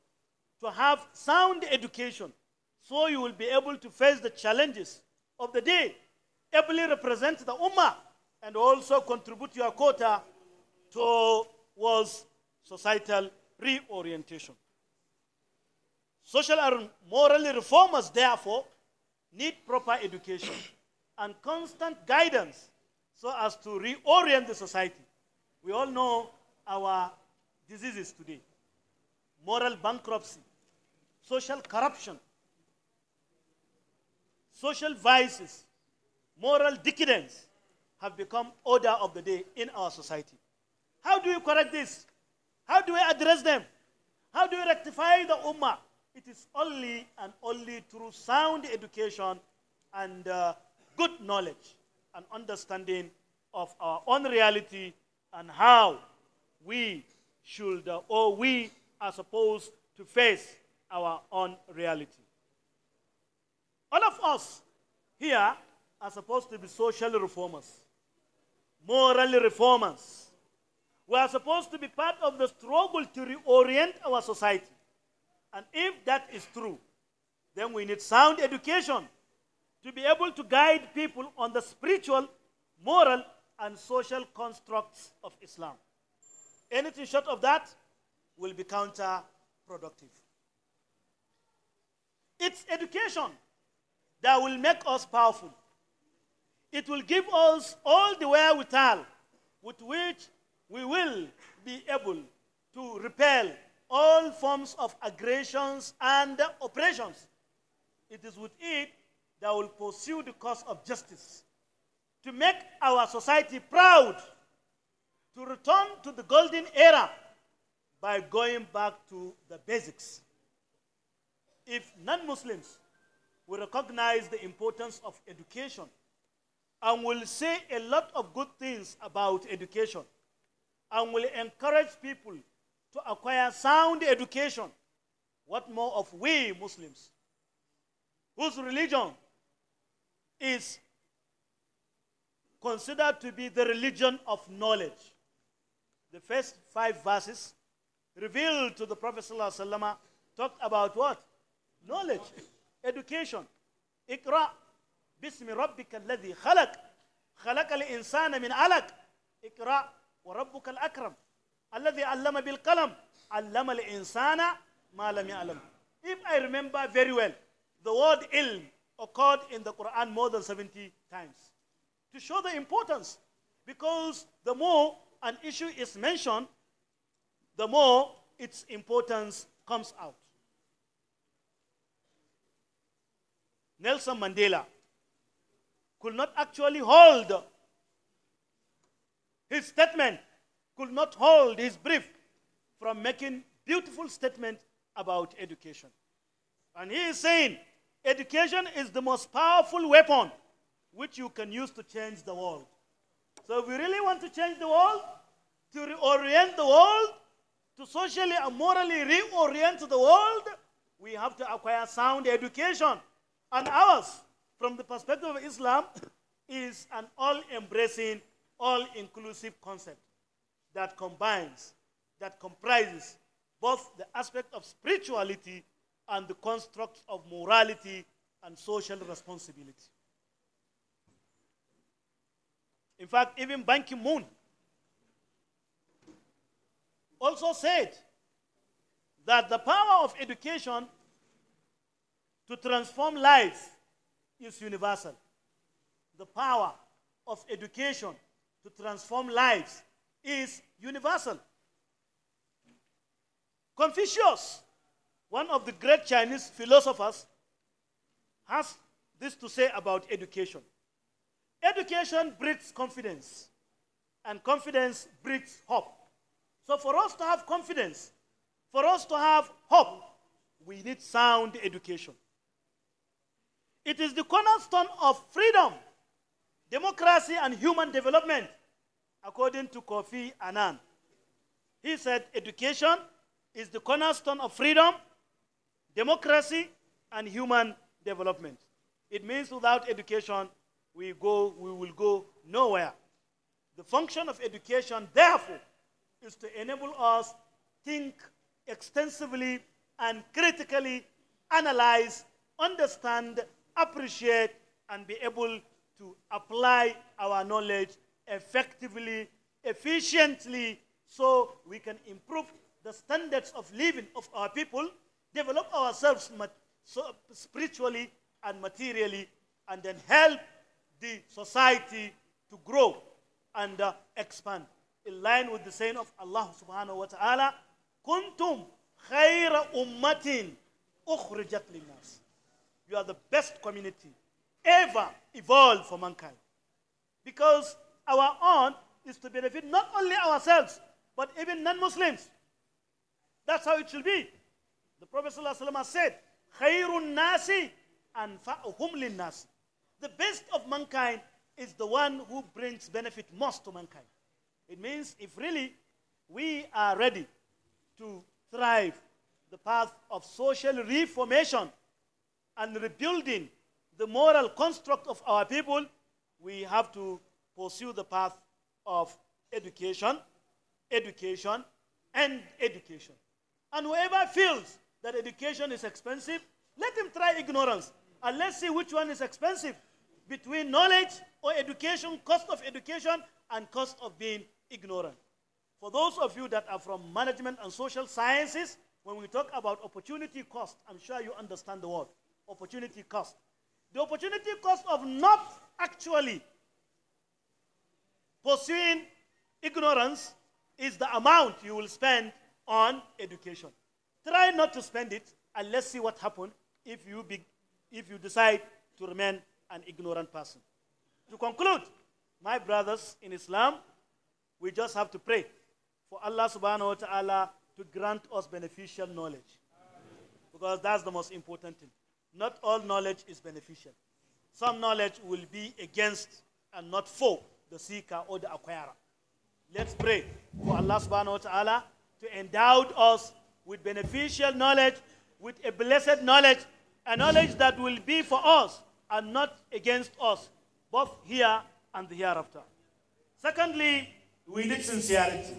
to have sound education, so you will be able to face the challenges of the day, ably represent the Ummah and also contribute your quota towards societal reorientation. Social and moral reformers, therefore, need proper education and constant guidance so as to reorient the society. We all know our diseases today moral bankruptcy, social corruption, social vices, moral decadence, have become order of the day in our society. How do you correct this? How do we address them? How do we rectify the ummah? It is only and only through sound education and uh, good knowledge and understanding of our own reality and how we should uh, or we are supposed to face our own reality. All of us here are supposed to be social reformers moral reformers. We are supposed to be part of the struggle to reorient our society. And if that is true, then we need sound education to be able to guide people on the spiritual, moral, and social constructs of Islam. Anything short of that will be counterproductive. It's education that will make us powerful. It will give us all the wherewithal with which we will be able to repel all forms of aggressions and oppressions. It is with it that will pursue the cause of justice, to make our society proud, to return to the golden era by going back to the basics. If non Muslims will recognize the importance of education and will say a lot of good things about education and will encourage people to acquire sound education. What more of we Muslims, whose religion is considered to be the religion of knowledge? The first five verses revealed to the Prophet ﷺ talked about what? Knowledge, education, ikra, باسم ربك الذي خلق خلق الإنسان من علق اقرأ وربك الأكرم الذي علم بالقلم علم الإنسان ما لم يعلم If I remember very well, the word ilm occurred in the Quran more than 70 times to show the importance because the more an issue is mentioned, the more its importance comes out. Nelson Mandela could not actually hold his statement, could not hold his brief from making beautiful statement about education. And he is saying, education is the most powerful weapon which you can use to change the world. So if we really want to change the world, to reorient the world, to socially and morally reorient the world, we have to acquire sound education. And ours from the perspective of Islam, is an all embracing, all inclusive concept that combines, that comprises both the aspect of spirituality and the construct of morality and social responsibility. In fact, even Ban Ki moon also said that the power of education to transform lives is universal. The power of education to transform lives is universal. Confucius, one of the great Chinese philosophers, has this to say about education Education breeds confidence, and confidence breeds hope. So, for us to have confidence, for us to have hope, we need sound education. It is the cornerstone of freedom, democracy, and human development, according to Kofi Annan. He said education is the cornerstone of freedom, democracy, and human development. It means without education, we, go, we will go nowhere. The function of education, therefore, is to enable us think extensively and critically analyze, understand, appreciate and be able to apply our knowledge effectively, efficiently, so we can improve the standards of living of our people, develop ourselves spiritually and materially, and then help the society to grow and uh, expand. In line with the saying of Allah subhanahu wa ta'ala, كنتم خير أمة أخرجت للناس you are the best community ever evolved for mankind. Because our own is to benefit not only ourselves, but even non Muslims. That's how it should be. The Prophet ﷺ said, Khairun nasi and fa'hum nasi. The best of mankind is the one who brings benefit most to mankind. It means if really we are ready to thrive the path of social reformation and rebuilding the moral construct of our people, we have to pursue the path of education, education, and education. And whoever feels that education is expensive, let him try ignorance. And let's see which one is expensive between knowledge or education, cost of education, and cost of being ignorant. For those of you that are from management and social sciences, when we talk about opportunity cost, I'm sure you understand the word opportunity cost. The opportunity cost of not actually pursuing ignorance is the amount you will spend on education. Try not to spend it and let's see what happens if you, be, if you decide to remain an ignorant person. To conclude, my brothers in Islam, we just have to pray for Allah subhanahu wa ta'ala to grant us beneficial knowledge. Because that's the most important thing. Not all knowledge is beneficial. Some knowledge will be against and not for the seeker or the acquirer. Let's pray for Allah subhanahu wa ta'ala to endow us with beneficial knowledge, with a blessed knowledge, a knowledge that will be for us and not against us, both here and the hereafter. Secondly, we need sincerity.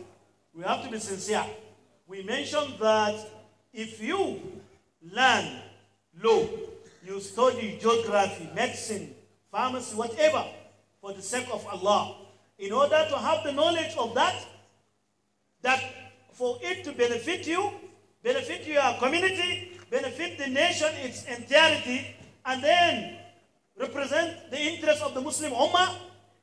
We have to be sincere. We mentioned that if you learn Law. You study geography, medicine, pharmacy, whatever, for the sake of Allah. In order to have the knowledge of that, that for it to benefit you, benefit your community, benefit the nation its entirety, and then represent the interests of the Muslim Ummah,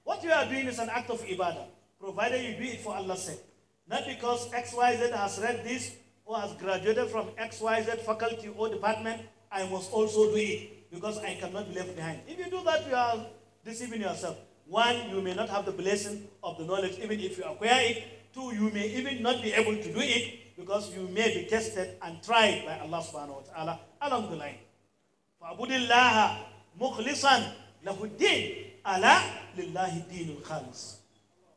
what you are doing is an act of ibadah, provided you do it for Allah's sake. Not because XYZ has read this or has graduated from XYZ faculty or department I must also do it because I cannot be left behind. If you do that, you are deceiving yourself. One, you may not have the blessing of the knowledge even if you acquire it. Two, you may even not be able to do it because you may be tested and tried by Allah subhanahu wa ta'ala along the line. فَعْبُدِ اللَّهَ مُخْلِصًا لَهُ الدِّينَ أَلَا لِلَّهِ الدِّينُ الْخَالِصِ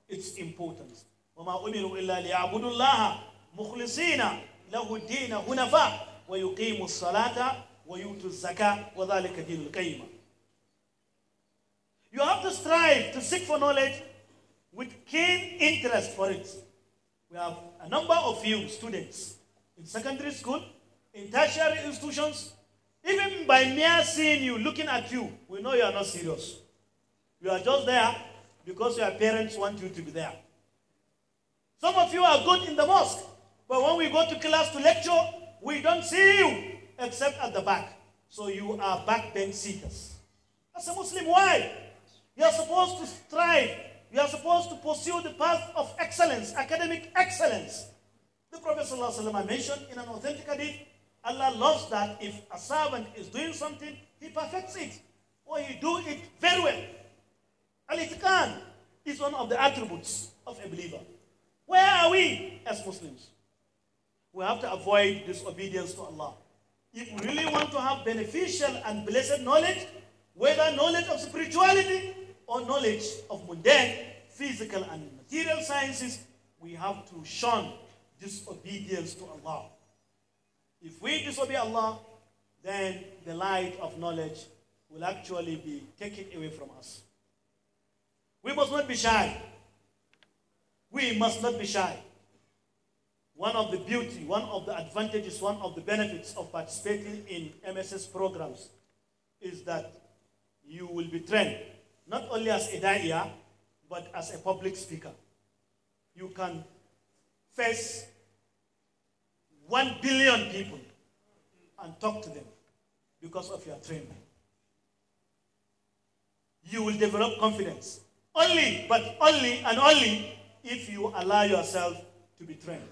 It's important. وَمَا أُمِرُوا إِلَّا لِيَعْبُدُوا اللَّهَ مُخْلِصِينَ لَهُ الدِّينَ هُنَفَاءَ وَيُقِيمُوا الصَّلَاةَ وَيُؤْتُ الزَّكَاةَ وَذَلِكَ دِينُ الْقَيِّمَةِ You have to strive to seek for knowledge with keen interest for it. We have a number of you students in secondary school, in tertiary institutions, even by mere seeing you, looking at you, we know you are not serious. You are just there because your parents want you to be there. Some of you are good in the mosque, but when we go to class to lecture, we don't see you except at the back. So you are backbench seekers. As a Muslim, why? You are supposed to strive. You are supposed to pursue the path of excellence, academic excellence. The Prophet ﷺ mentioned in an authentic hadith, Allah loves that if a servant is doing something, he perfects it. Or he do it very well. Al-Itqan is one of the attributes of a believer. Where are we as Muslims? We have to avoid disobedience to Allah. If we really want to have beneficial and blessed knowledge, whether knowledge of spirituality or knowledge of mundane, physical, and material sciences, we have to shun disobedience to Allah. If we disobey Allah, then the light of knowledge will actually be taken away from us. We must not be shy. We must not be shy. One of the beauty, one of the advantages, one of the benefits of participating in MSS programs is that you will be trained not only as a da'iya, but as a public speaker. You can face 1 billion people and talk to them because of your training. You will develop confidence only, but only and only if you allow yourself to be trained.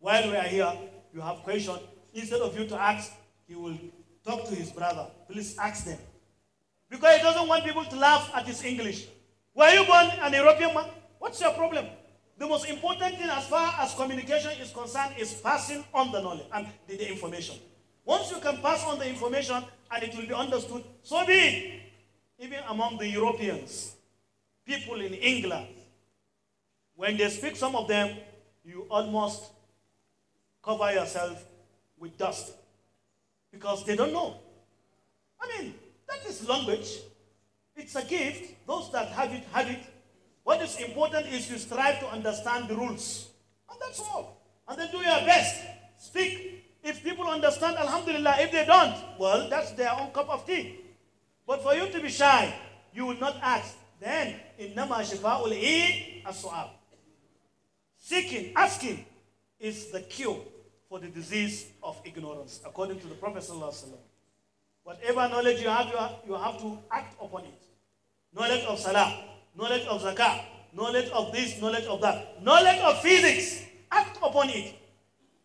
While we are here, you have questions. Instead of you to ask, he will talk to his brother. Please ask them. Because he doesn't want people to laugh at his English. Were you born an European man? What's your problem? The most important thing as far as communication is concerned is passing on the knowledge and the, the information. Once you can pass on the information and it will be understood, so be it. Even among the Europeans, people in England, when they speak some of them, you almost cover yourself with dust because they don't know. I mean, that is language. It's a gift. Those that have it, have it. What is important is you strive to understand the rules. And that's all. And then do your best. Speak. If people understand, Alhamdulillah. If they don't, well, that's their own cup of tea. But for you to be shy, you will not ask. Then, in إِنَّمَا شِفَاءُ الْإِي السؤال. Seeking, asking, is the cure for the disease of ignorance, according to the Prophet. Whatever knowledge you have, you have, you have to act upon it. Knowledge of salah, knowledge of zakah, knowledge of this, knowledge of that, knowledge of physics, act upon it.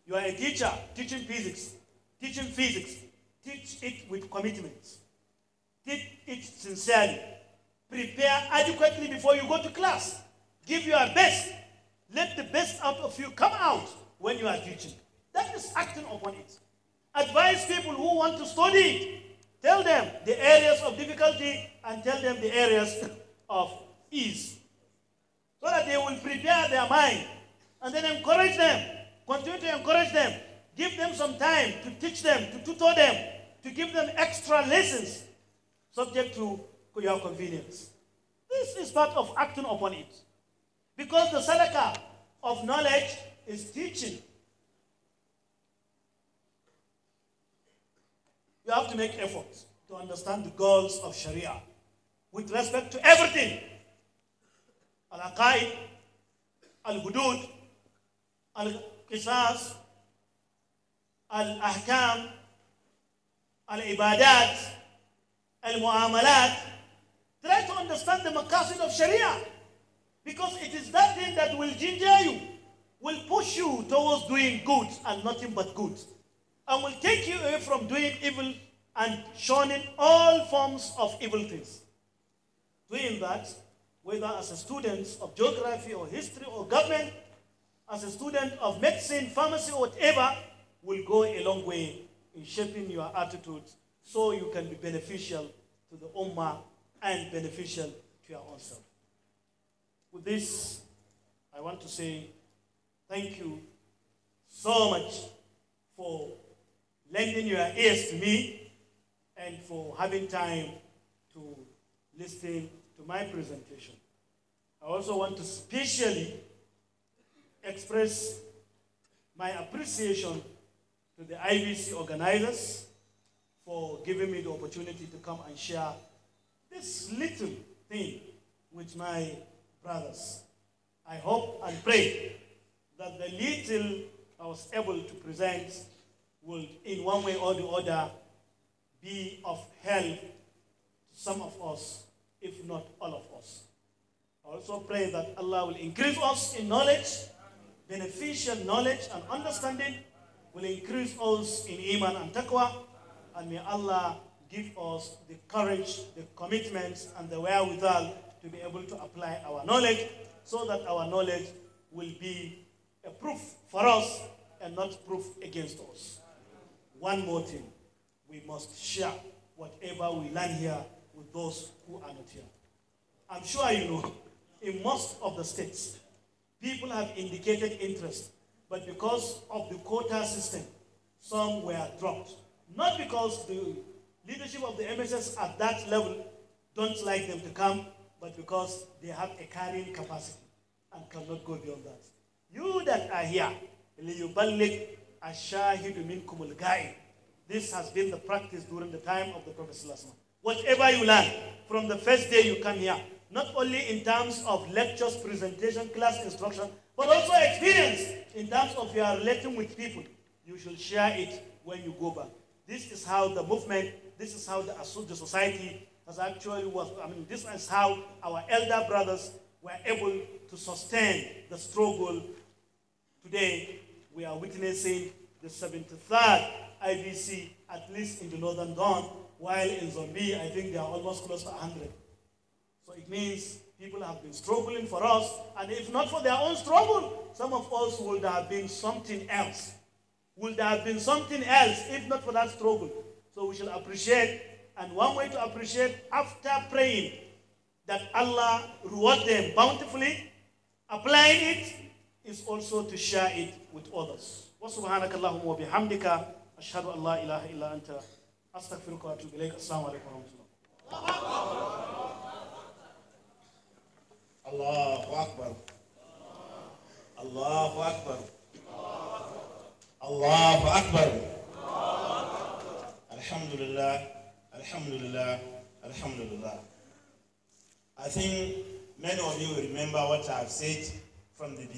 You are a teacher teaching physics, teaching physics, teach it with commitment, teach it sincerely, prepare adequately before you go to class, give your best, let the best out of you come out when you are teaching. That is acting upon it. Advise people who want to study it. Tell them the areas of difficulty and tell them the areas of ease. So that they will prepare their mind and then encourage them. Continue to encourage them. Give them some time to teach them, to tutor them, to give them extra lessons subject to your convenience. This is part of acting upon it. Because the sadaqah of knowledge is teaching. You have to make efforts to understand the goals of Sharia with respect to everything al aqaid, al hudud, al qisas, al ahkam, al ibadat, al muamalat. Try to understand the maqasid of Sharia because it is that thing that will ginger you will push you towards doing good and nothing but good, and will take you away from doing evil and shunning all forms of evil things. Doing that, whether as a student of geography or history or government, as a student of medicine, pharmacy, or whatever, will go a long way in shaping your attitude so you can be beneficial to the Ummah and beneficial to your own self. With this, I want to say Thank you so much for lending your ears to me and for having time to listen to my presentation. I also want to specially express my appreciation to the IBC organizers for giving me the opportunity to come and share this little thing with my brothers. I hope and pray that the little I was able to present would, in one way or the other, be of help to some of us, if not all of us. I also pray that Allah will increase us in knowledge, beneficial knowledge and understanding, will increase us in iman and taqwa, and may Allah give us the courage, the commitment, and the wherewithal to be able to apply our knowledge so that our knowledge will be a proof for us and not proof against us. One more thing we must share whatever we learn here with those who are not here. I'm sure you know, in most of the states, people have indicated interest, but because of the quota system, some were dropped. Not because the leadership of the MSS at that level don't like them to come, but because they have a carrying capacity and cannot go beyond that. You that are here, لِيُبَلِّغْ أَشَاهِدُ مِنْكُمُ الْغَائِبِ This has been the practice during the time of the Prophet Whatever you learn from the first day you come here, not only in terms of lectures, presentation, class instruction, but also experience in terms of your relating with people. You should share it when you go back. This is how the movement, this is how the, the society has actually worked. I mean, this is how our elder brothers were able to sustain the struggle Today, we are witnessing the 73rd IBC, at least in the northern dawn, while in Zambia, I think they are almost close to 100. So it means people have been struggling for us, and if not for their own struggle, some of us would have been something else. Would have been something else if not for that struggle. So we shall appreciate, and one way to appreciate after praying that Allah reward them bountifully, applying it is also to share it with others. وسبحانك اللهم وبحمدك أشهد أن لا إله إلا أنت أستغفرك وأتوب إليك السلام عليكم ورحمة الله الله أكبر الله أكبر الله أكبر الحمد لله الحمد لله الحمد لله I think many of you remember what I've said from the beginning.